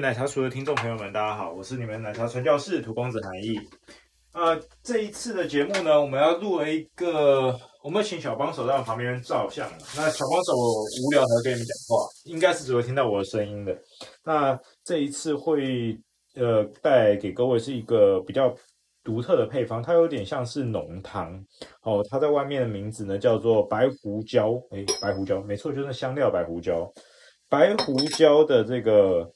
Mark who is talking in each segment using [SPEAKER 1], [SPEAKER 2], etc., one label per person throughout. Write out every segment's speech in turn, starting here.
[SPEAKER 1] 奶茶塾的聽眾朋友們，大家好，我是你們奶茶傳教士荼公子韓毅。呃，這一次的節目呢，我們要錄了一個，我們請小幫手在旁邊照相。那小幫手無聊的跟你們講話，應該是只會聽到我的聲音的。那這一次會呃帶給各位是一個比較獨特的配方，它有點像是濃湯哦。它在外面的名字呢叫做白胡椒，哎，白胡椒，沒錯，就是香料白胡椒。白胡椒的這個。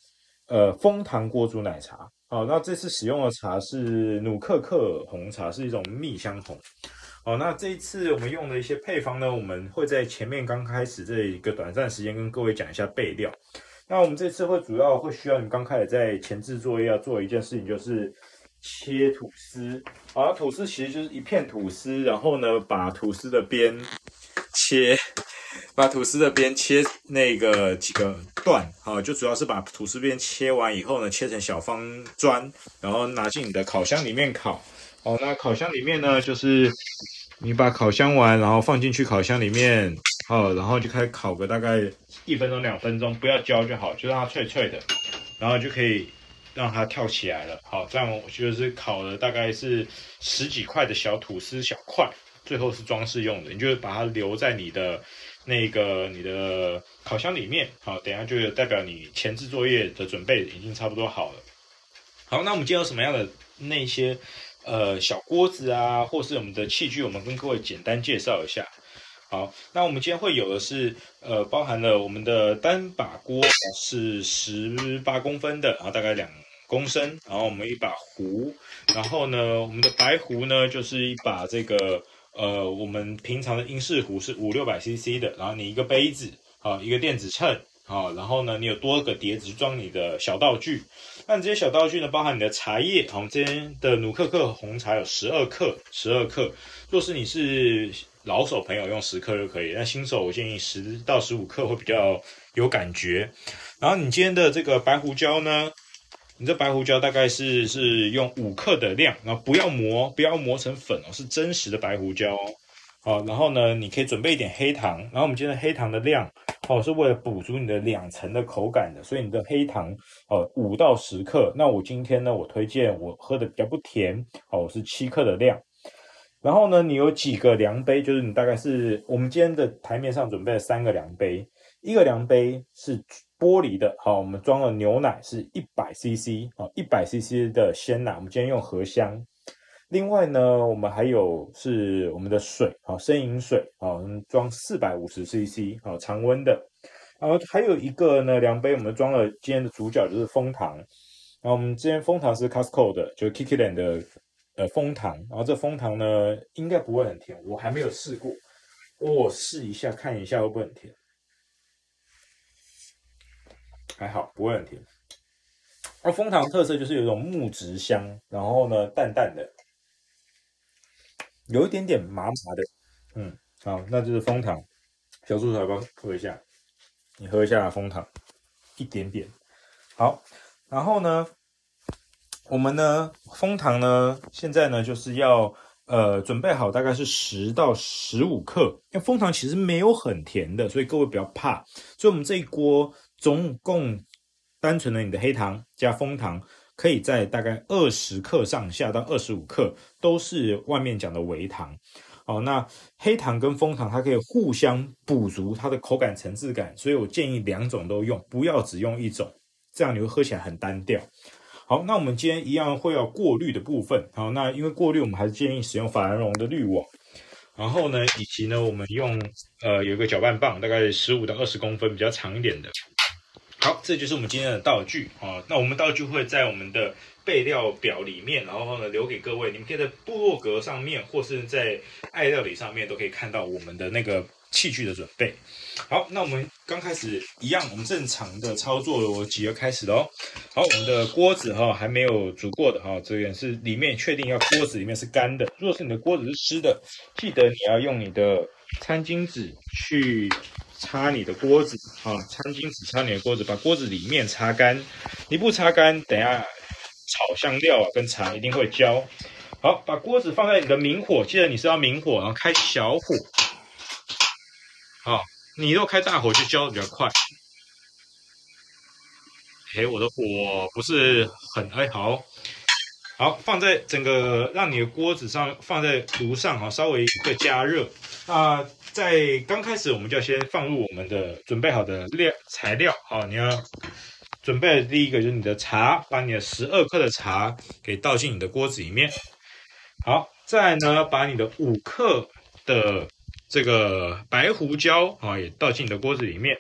[SPEAKER 1] 呃，楓糖鍋煮奶茶，好，那這次使用的茶是努克克紅茶，是一種蜜香紅。好，那這一次我們用的一些配方呢，我們會在前面剛開始這一個短暫時間跟各位講一下備料。那我們這次會主要會需要，你剛開始在前置作業要做一件事情，就是切吐司。好，吐司其實就是一片吐司，然後呢，把吐司的邊切，把吐司的邊切那個幾個。斷。好，就主要是把吐司邊切完以後呢，切成小方磚，然後拿進你的烤箱裡面烤。哦，那烤箱裡面呢，就是你把烤箱完，然後放進去烤箱裡面，好，然後就開始烤個大概一分鐘兩分鐘，不要焦就好，就讓它脆脆的，然後就可以讓它跳起來了。好，這樣我就是烤了大概是十幾塊的小吐司小塊。最後是裝飾用的，你就把它留在你的那個你的烤箱裡面。好，等下就代表你前置作業的準備已經差不多好了。好，那我們今天有什麼樣的那些呃小鍋子啊，或是我們的器具，我們跟各位簡單介紹一下。好，那我們今天會有的是呃包含了我們的單把鍋是十八公分的，然後大概兩公升，然後我們一把壺，然後呢我們的白壺呢就是一把這個。呃，我們平常的英式壺是五六百 CC 的，然後你一個杯子，啊，一個電子秤，啊，然後呢，你有多個碟子裝你的小道具。那你這些小道具呢，包含你的茶葉，好，今天的努克克紅茶有十二克，十二克。若是你是老手朋友，用十克就可以；那新手我建議十到十五克會比較有感覺。然後你今天的這個白胡椒呢，你這白胡椒大概是是用五克的量，然後不要磨，不要磨成粉哦，是真實的白胡椒哦。好，然後呢，你可以準備一點黑糖，然後我們今天的黑糖的量哦，是為了補足你的兩層的口感的，所以你的黑糖哦，五到十克。那我今天呢，我推薦我喝的比較不甜，哦，是七克的量。然後呢，你有幾個量杯？就是你大概是我們今天的台面上準備了三個量杯。一個量杯是玻璃的，好，我們裝了牛奶是一百 CC，好，一百 CC 的鮮奶，我們今天用荷香。另外呢，我們還有是我們的水，好，生飲水，好，我們裝四百五十 CC，好，常溫的。然後還有一個呢量杯，我們裝了今天的主角就是楓糖。然後我們今天楓糖是 Costco 的，就是 Kirkland 的呃楓糖。然後這楓糖呢應該不會很甜，我還沒有試過，我、哦、試一下看一下會不會很甜。還好，不會很甜。而、啊、楓糖特色就是有一種木質香，然後呢，淡淡的，有一點點麻麻的，嗯，好，那就是楓糖。小助手來幫我喝一下，你喝一下、啊、楓糖，一點點。好，然後呢，我們呢，楓糖呢，現在呢就是要呃準備好，大概是十到十五克。因為楓糖其實沒有很甜的，所以各位不要怕。所以我們這一鍋。總共單純的你的黑糖加楓糖，可以在大概二十克上下到二十五克，都是外面講的微糖。好，那黑糖跟楓糖它可以互相補足它的口感層次感，所以我建議兩種都用，不要只用一種，這樣你會喝起來很單調。好，那我們今天一樣會要過濾的部分，好，那因為過濾我們還是建議使用法蘭絨的濾網，然後呢，以及呢我們用呃有一個攪拌棒，大概十五到二十公分比較長一點的。好，這就是我們今天的道具啊、哦。那我們道具會在我們的備料表裡面，然後呢留給各位，你們可以在部落格上面或是在愛料理上面都可以看到我們的那個器具的準備。好，那我們剛開始一樣，我們正常的操作，邏輯要開始嘍。好，我們的鍋子哈、哦、還沒有煮過的哈、哦，這邊是裡面確定要鍋子裡面是乾的。如果是你的鍋子是濕的，記得你要用你的餐巾紙去。擦你的鍋子啊，餐巾紙擦你的鍋子，把鍋子裡面擦乾。你不擦乾，等下炒香料啊跟茶一定會焦。好，把鍋子放在你的明火，記得你是要明火，然後開小火。好，你若開大火就焦得比較快。哎、欸，我的火不是很哀好。好，放在整個讓你的鍋子上，放在爐上啊，稍微一個加熱。那在剛開始，我們就要先放入我們的準備好的料材料，好，你要準備的第一個就是你的茶，把你的十二克的茶給倒進你的鍋子裡面。好，再呢把你的五克的這個白胡椒啊也倒進你的鍋子裡面。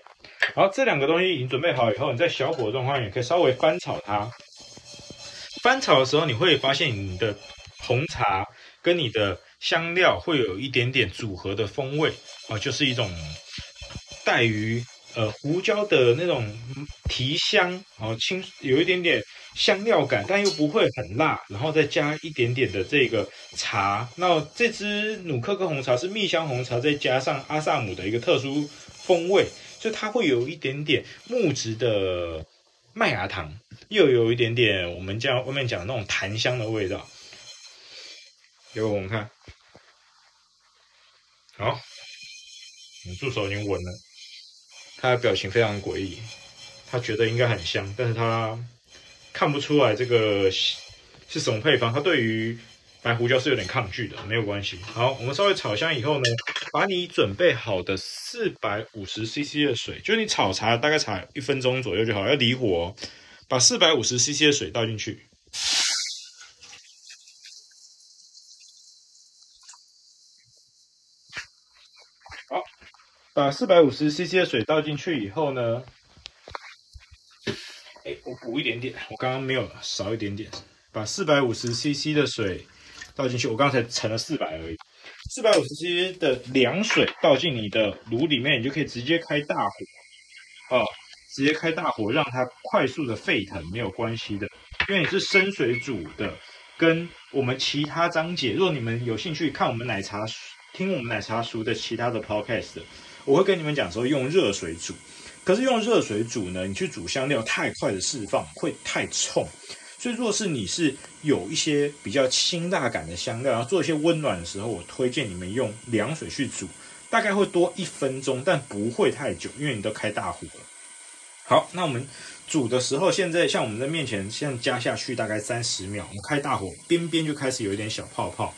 [SPEAKER 1] 好，這兩個東西已經準備好以後，你在小火狀況也可以稍微翻炒它。翻炒的時候，你會發現你的紅茶跟你的香料會有一點點組合的風味啊、哦，就是一種帶於呃胡椒的那種提香啊、哦，清有一點點香料感，但又不會很辣，然後再加一點點的這個茶。那這支努克克紅茶是蜜香紅茶，再加上阿薩姆的一個特殊風味，所以它會有一點點木質的麥芽糖。又有一點點我們家外面講的那種檀香的味道。給我們看好，你助手已經聞了，他的表情非常詭異，他覺得應該很香，但是他看不出來這個是什麼配方，他對於白胡椒是有點抗拒的，沒有關係。好，我們稍微炒香以後呢，把你準備好的四百五十 CC 的水，就是你炒茶大概炒一分鐘左右就好，要離火。把四百五十 CC 的水倒進去。好，把四百五十 CC 的水倒進去以後呢，欸，我補一點點，我剛剛沒有少一點點。把四百五十 CC 的水倒進去，我剛才盛了四百而已。四百五十 CC 的涼水倒進你的爐裡面，你就可以直接開大火啊，直接開大火，讓它快速的沸騰沒有關係的，因為你是生水煮的，跟我們其他章節，若你們有興趣看我們奶茶聽我們奶茶書的其他的 podcast，我會跟你們講說用熱水煮，可是用熱水煮呢，你去煮香料太快的釋放會太衝，所以若是你是有一些比較清辣感的香料，然後做一些溫暖的時候，我推薦你們用涼水去煮，大概會多一分鐘，但不會太久，因為你都開大火了。好，那我們煮的時候，現在像我們在面前，現在加下去大概三十秒，我們開大火，邊邊就開始有一點小泡泡。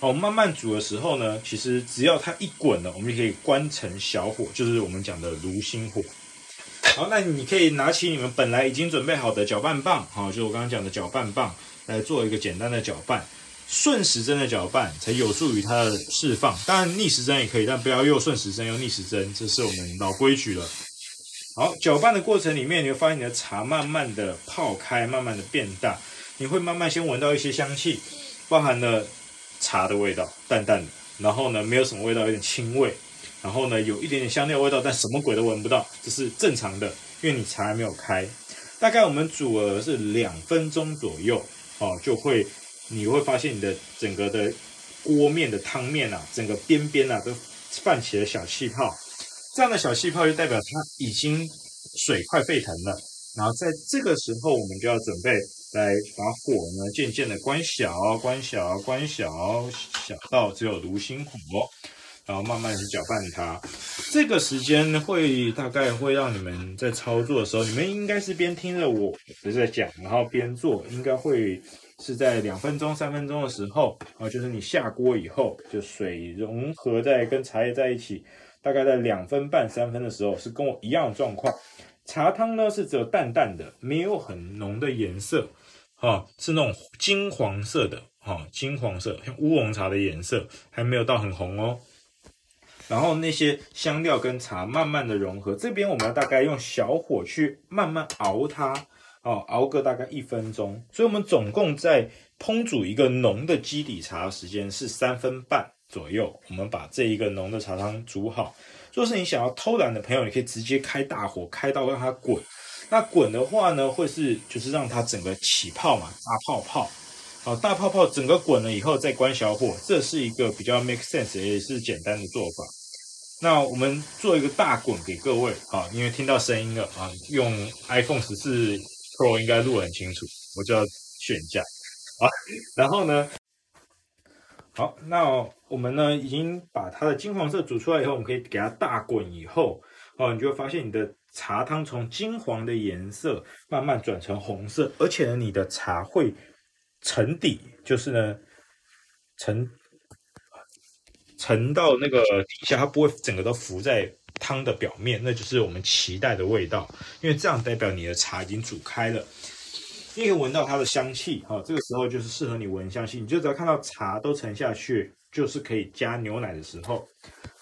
[SPEAKER 1] 好，我們慢慢煮的時候呢，其實只要它一滾了，我們就可以關成小火，就是我們講的爐心火。好，那你可以拿起你們本來已經準備好的攪拌棒，好，就是我剛剛講的攪拌棒來做一個簡單的攪拌，順時針的攪拌才有助於它的釋放，當然逆時針也可以，但不要又順時針又逆時針，這是我們老規矩了。好，攪拌的過程裡面，你會發現你的茶慢慢的泡開，慢慢的變大，你會慢慢先聞到一些香氣，包含了茶的味道，淡淡的，然後呢，沒有什麼味道，有點青味，然後呢，有一點點香料味道，但什麼鬼都聞不到，這是正常的，因為你茶還沒有開。大概我們煮了是兩分鐘左右，哦，就會你會發現你的整個的鍋面的湯面啊，整個邊邊啊，都泛起了小氣泡。這樣的小氣泡就代表它已經水快沸騰了，然後在這個時候，我們就要準備來把火呢漸漸的關小、關小、關小，小到只有爐心火，然後慢慢去攪拌它。這個時間會大概會讓你們在操作的時候，你們應該是邊聽着我不是在講，然後邊做，應該會是在兩分鐘、三分鐘的時候啊，就是你下鍋以後，就水融合在跟茶葉在一起。大概在兩分半、三分的時候是跟我一樣的狀況，茶湯呢是只有淡淡的，沒有很濃的顏色，哈、啊，是那種金黃色的，哈、啊，金黃色像烏龍茶的顏色，還沒有到很紅哦。然後那些香料跟茶慢慢的融合，這邊我們要大概用小火去慢慢熬它，啊，熬個大概一分鐘，所以我們總共在烹煮一個濃的基底茶的時間是三分半左右，我們把這一個濃的茶湯煮好。若是你想要偷懶的朋友，你可以直接開大火，開到讓它滾。那滾的話呢，會是就是讓它整個起泡嘛，大泡泡。好、啊，大泡泡整個滾了以後再關小火，這是一個比較 make sense，也是簡單的做法。那我們做一個大滾給各位啊，因為聽到聲音了啊，用 iPhone 十四 Pro 應該錄很清楚，我就要選價啊。然後呢，好，那我們呢，已經把它的金黃色煮出來以後，我們可以給它大滾以後，哦，你就會發現你的茶湯從金黃的顏色慢慢轉成紅色，而且呢，你的茶會沉底，就是呢，沉沉到那個底下，它不會整個都浮在湯的表面，那就是我們期待的味道，因為這樣代表你的茶已經煮開了。你可以聞到它的香氣，哈、哦，這個時候就是適合你聞香氣。你就只要看到茶都沉下去，就是可以加牛奶的時候。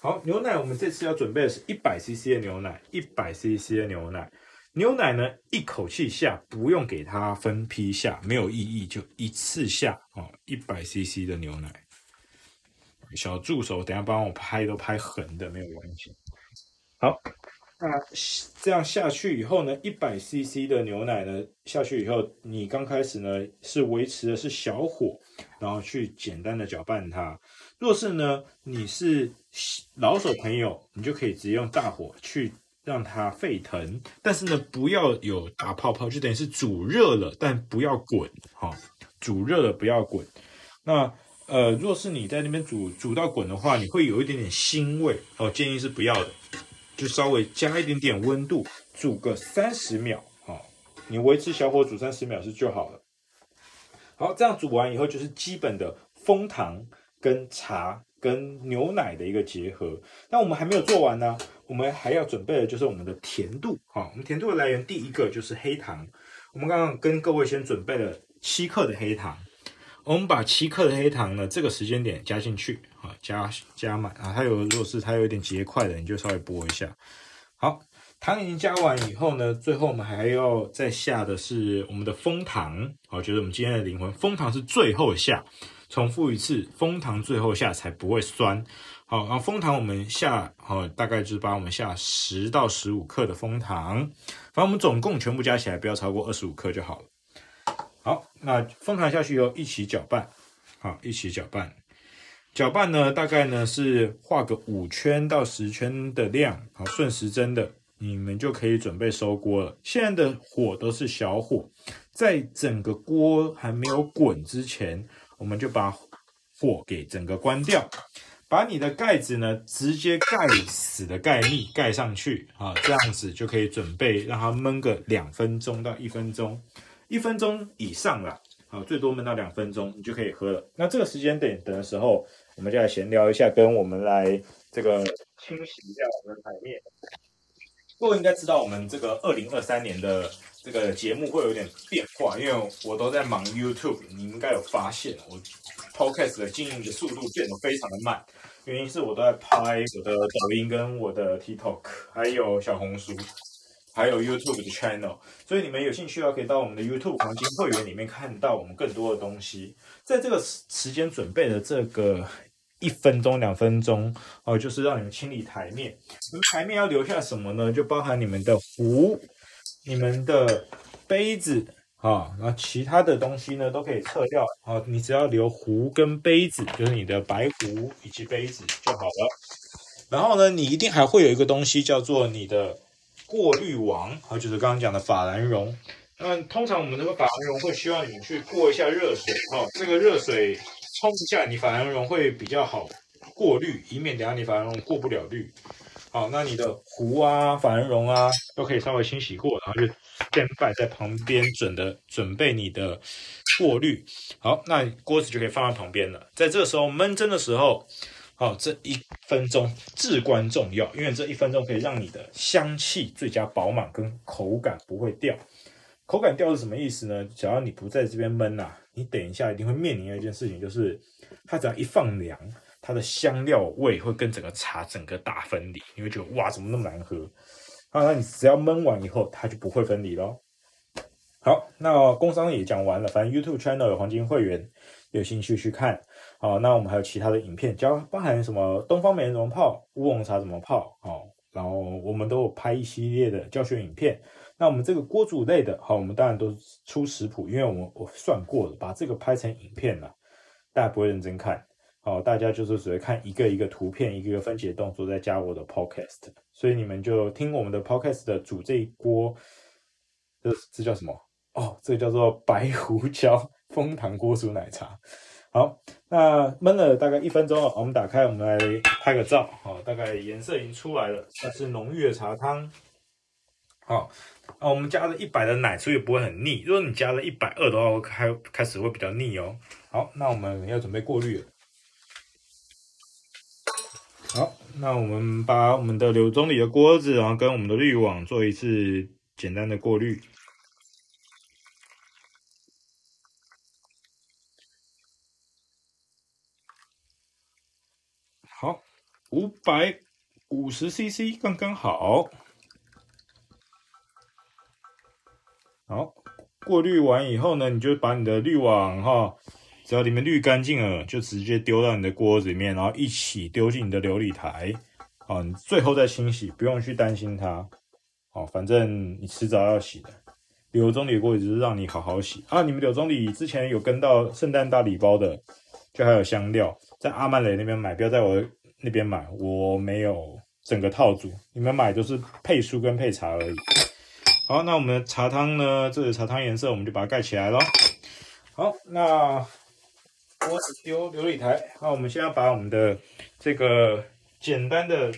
[SPEAKER 1] 好，牛奶我們這次要準備的是一百 CC 的牛奶，一百 CC 的牛奶，牛奶呢一口氣下，不用給它分批下，沒有意義，就一次下啊，哦、一百 CC 的牛奶。小助手，等一下幫我拍都拍橫的，沒有關係。好。那這樣下去以後呢？一百 CC 的牛奶呢下去以後，你剛開始呢是維持的是小火，然後去簡單的攪拌它。若是呢你是老手朋友，你就可以直接用大火去讓它沸騰。但是呢不要有大泡泡，就等於是煮熱了，但不要滾，哈、哦，煮熱了不要滾。那呃，若是你在那邊煮煮到滾的話，你會有一點點腥味，哦，建議是不要的。就稍微加一點點溫度，煮個三十秒啊、哦，你維持小火煮三十秒是就好了。好，這樣煮完以後就是基本的楓糖跟茶跟牛奶的一個結合。那我們還沒有做完呢，我們還要準備的就是我們的甜度。好、哦，我們甜度的來源第一個就是黑糖，我們剛剛跟各位先準備了七克的黑糖。我們把七克的黑糖呢，這個時間點加進去啊，加加滿啊。它有如果是它有一點結塊的，你就稍微撥一下。好，糖已經加完以後呢，最後我們還要再下的是我們的楓糖。好，就是我們今天的靈魂楓糖是最後下，重複一次，楓糖最後下才不會酸。好，然後楓糖我們下，好，大概就是把我們下十到十五克的楓糖，反正我們總共全部加起來不要超過二十五克就好了。好，那封壇下去以後，一起攪拌，好，一起攪拌。攪拌呢，大概呢是畫個五圈到十圈的量，好，順時針的，你們就可以準備收鍋了。現在的火都是小火，在整個鍋還沒有滾之前，我們就把火給整個關掉，把你的蓋子呢直接蓋死的蓋密蓋上去，好，這樣子就可以準備讓它燜個兩分鐘到一分鐘。一分鐘以上啦，好，最多燜到兩分鐘，你就可以喝了。那這個時間點等，等的時候，我們就要閒聊一下，跟我們來這個清洗一下我們的台面。各位應該知道，我們這個二零二三年的這個節目會有點變化，因為我都在忙 YouTube，你應該有發現，我 Podcast 的經營的速度變得非常的慢，原因是我都在拍我的抖音、跟我的 TikTok，還有小紅書。還有 YouTube 的 channel，所以你們有興趣的話，可以到我們的 YouTube 黃金會員裡面看到我們更多的東西。在這個時間準備的這個一分鐘、兩分鐘哦，就是讓你們清理台面。你們台面要留下什麼呢？就包含你們的壺、你們的杯子啊，然後其他的東西呢都可以撤掉啊。你只要留壺跟杯子，就是你的白壺以及杯子就好了。然後呢，你一定還會有一個東西叫做你的。過濾網，好，就是剛剛講的法蘭絨。那通常我們這個法蘭絨會需要你去過一下熱水，哈、哦，這、那個熱水沖一下你法蘭絨會比較好過濾，以免等下你法蘭絨過不了濾。好，那你的壺啊、法蘭絨啊都可以稍微清洗過，然後就先擺在旁邊，準的準備你的過濾。好，那鍋子就可以放在旁邊了。在這個時候燜蒸的時候。哦，這一分鐘至關重要，因為這一分鐘可以讓你的香氣最佳飽滿，跟口感不會掉。口感掉是什麼意思呢？只要你不在這邊悶吶、啊，你等一下一定會面臨的一件事情，就是它只要一放涼，它的香料味會跟整個茶整個大分離，你會覺得哇，怎麼那麼難喝？啊，那你只要悶完以後，它就不會分離咯。好，那工商也講完了，反正 YouTube channel 有黃金會員，有興趣去看。好，那我們還有其他的影片，將包含什麼東方美人怎麼泡、烏龍茶怎麼泡，好，然後我們都有拍一系列的教學影片。那我們這個鍋煮類的，好，我們當然都是出食譜，因為我們我算過了，把這個拍成影片了，大家不會認真看，好，大家就是只會看一個一個圖片，一個一個分解動作，再加我的 podcast，所以你們就聽我們的 podcast 的煮這一鍋，這這叫什麼？哦，這個叫做白胡椒楓糖鍋煮奶茶，好。那燜了大概一分鐘，哦，我們打開，我們來拍個照。好，哦，大概顏色已經出來了，它是濃郁的茶湯。好，哦啊，我們加了一百的奶，所以不會很膩。如果你加了一百二的話，開開始會比較膩哦。好，那我們要準備過濾了。好，那我們把我們的柳宗理的鍋子，然後跟我們的濾網做一次簡單的過濾。好，五百五十 CC 剛剛好。好，過濾完以後呢，你就把你的濾網哈、哦，只要裡面濾乾淨了，就直接丟到你的鍋子裡面，然後一起丟進你的流理台。啊、哦，你最後再清洗，不用去擔心它。好、哦，反正你遲早要洗的。柳宗理的鍋也是讓你好好洗。啊，你們柳宗理之前有跟到聖誕大禮包的。就還有香料，在阿曼雷那邊買，不要在我那邊買，我沒有整個套組，你們買都是配書跟配茶而已。好，那我們的茶湯呢？這個茶湯顏色我們就把它蓋起來嘍。好，那我只丟流理台。好，我們先要把我們的這個簡單的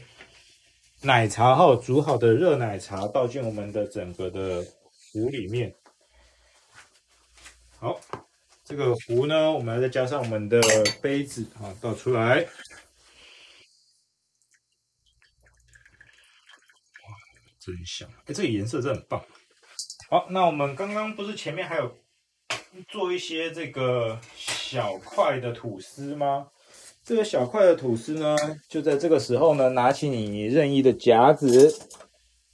[SPEAKER 1] 奶茶哈煮好的熱奶茶倒進我們的整個的壺裡面。好。這個壺呢，我們還再加上我們的杯子啊，倒出來。哇，真香！哎、欸，這個顏色真的很棒。好，那我們剛剛不是前面還有做一些這個小塊的吐司嗎？這個小塊的吐司呢，就在這個時候呢，拿起你任意的夾子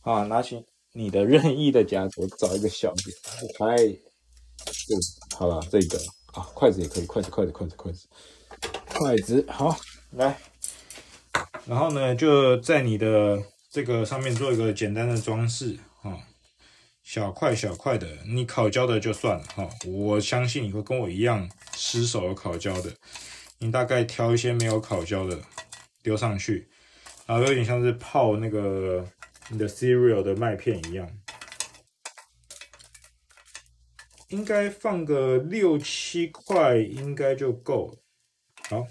[SPEAKER 1] 啊，拿起你的任意的夾子，我找一個小點，哎，對。好吧，這一個啊，筷子也可以，筷子，筷子，筷子，筷子，筷子，好，來，然後呢，就在你的這個上面做一個簡單的裝飾啊，小塊小塊的，你烤焦的就算了哈，我相信你會跟我一樣失手烤焦的，你大概挑一些沒有烤焦的丟上去，然後有點像是泡那個你的 cereal 的麥片一樣。應該放個六七塊應該就夠了。好，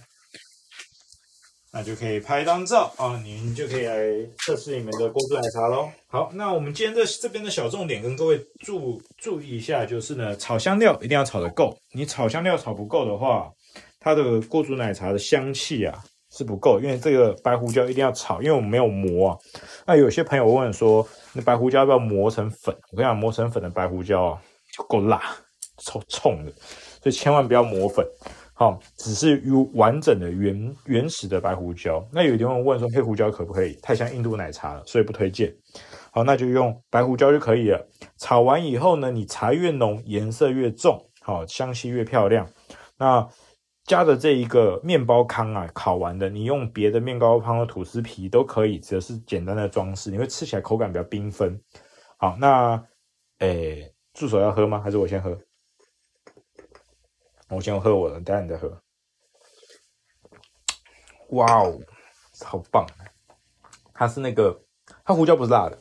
[SPEAKER 1] 那就可以拍一張照啊，您、哦、就可以來測試你們的鍋煮奶茶嘍。好，那我們今天這這邊的小重點跟各位注注意一下，就是呢，炒香料一定要炒得夠。你炒香料炒不夠的話，它的鍋煮奶茶的香氣啊是不夠，因為這個白胡椒一定要炒，因為我們沒有磨啊。那有些朋友問說，那白胡椒要不要磨成粉？我跟你講，磨成粉的白胡椒啊。就夠辣，臭臭的，所以千萬不要磨粉。好、哦，只是完整的原原始的白胡椒。那有地方問說，黑胡椒可不可以？太像印度奶茶了，所以不推薦。好，那就用白胡椒就可以了。炒完以後呢，你茶越濃，顏色越重，好、哦，香氣越漂亮。那加的這一個麵包糠啊，烤完的，你用別的面包糠和吐司皮都可以，只是簡單的裝飾，你會吃起來口感比較繽紛。好，那誒。欸助手要喝嗎？還是我先喝？我先喝我的，等下你再喝。哇哦，好棒！它是那個，它胡椒不是辣的，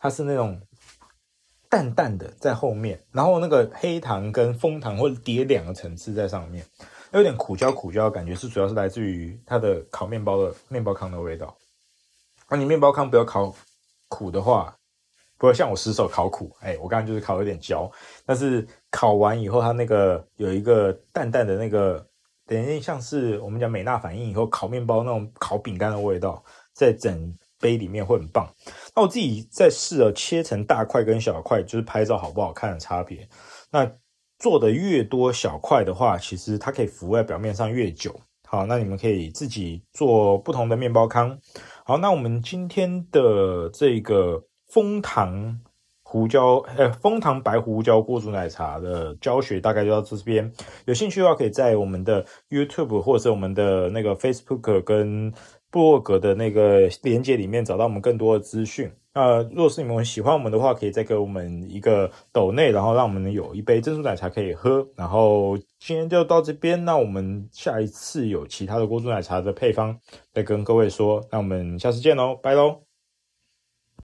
[SPEAKER 1] 它是那種淡淡的在後面，然後那個黑糖跟楓糖會疊兩個層次在上面，有點苦焦苦焦的感覺，是主要是來自於它的烤麵包的麵包糠的味道。那、啊、你麵包糠不要烤苦的話，不會像我失手烤苦。誒、欸、我剛剛就是烤有點焦，但是烤完以後，它那個有一個淡淡的那個，等於像是我們講梅納反應以後烤麵包那種烤餅乾的味道，在整杯裡面會很棒。那我自己在試了，切成大塊跟小塊，就是拍照好不好看的差別。那做的越多小塊的話，其實它可以浮在表面上越久。好，那你們可以自己做不同的面包糠。好，那我們今天的這個。楓糖胡椒，呃、欸，楓糖白胡椒鍋煮奶茶的教學大概就到這邊。有興趣的話，可以在我們的 YouTube 或者是我們的那個 Facebook 跟部落格的那個鏈接裡面找到我們更多的資訊。如、呃、若是你們喜歡我們的話，可以再給我們一個抖內，然後讓我們有一杯珍珠奶茶可以喝。然後今天就到這邊，那我們下一次有其他的鍋煮奶茶的配方再跟各位說。那我們下次見嘍，拜嘍。